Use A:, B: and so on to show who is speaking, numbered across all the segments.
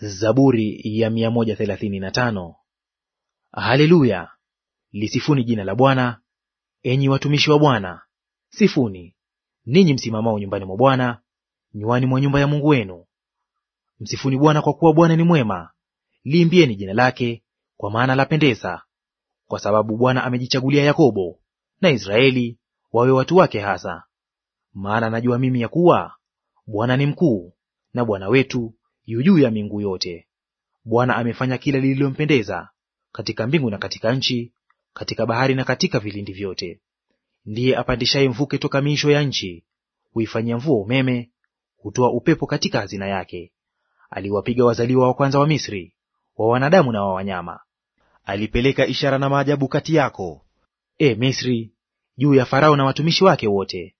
A: Zaburi ya 135. Haleluya! Lisifuni jina la Bwana, enyi watumishi wa Bwana, sifuni ninyi msimamao nyumbani mwa Bwana, nywani mwa nyumba ya Mungu wenu. Msifuni Bwana, kwa kuwa Bwana ni mwema, liimbieni jina lake, kwa maana lapendeza. Kwa sababu Bwana amejichagulia Yakobo na Israeli wawe watu wake hasa. Maana najua mimi ya kuwa Bwana ni mkuu, na Bwana wetu juu juu ya mbingu yote. Bwana amefanya kila lililompendeza katika mbingu na katika nchi, katika bahari na katika vilindi vyote. Ndiye apandishaye mvuke toka miisho ya nchi, huifanyia mvua umeme, hutoa upepo katika hazina yake. Aliwapiga wazaliwa wa kwanza wa Misri, wa wanadamu na wa wanyama. Alipeleka ishara na maajabu kati yako, e Misri, juu ya Farao na watumishi wake wote.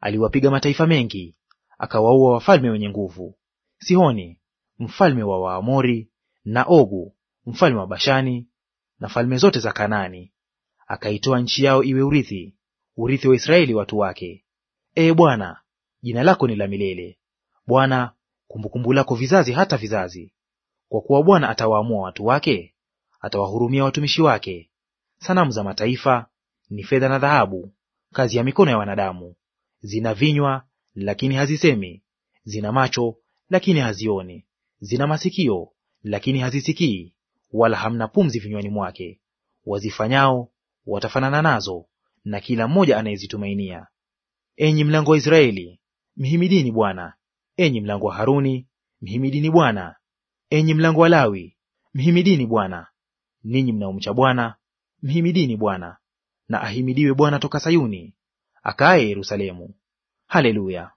A: Aliwapiga mataifa mengi, akawaua wafalme wenye nguvu. Sihoni mfalme wa Waamori na Ogu mfalme wa Bashani na falme zote za Kanaani, akaitoa nchi yao iwe urithi, urithi wa Israeli watu wake. e Bwana, jina lako ni la milele. Bwana, kumbukumbu lako vizazi hata vizazi. Kwa kuwa Bwana atawaamua watu wake, atawahurumia watumishi wake. Sanamu za mataifa ni fedha na dhahabu, kazi ya mikono ya wanadamu. Zina vinywa lakini hazisemi, zina macho lakini hazioni, zina masikio lakini hazisikii, wala hamna pumzi vinywani mwake. Wazifanyao watafanana nazo, na kila mmoja anayezitumainia. Enyi mlango wa Israeli, mhimidini Bwana. Enyi mlango wa Haruni, mhimidini Bwana. Enyi mlango wa Lawi, mhimidini Bwana. Ninyi mnaomcha Bwana, mhimidini Bwana. Na ahimidiwe Bwana toka Sayuni, akaaye Yerusalemu. Haleluya!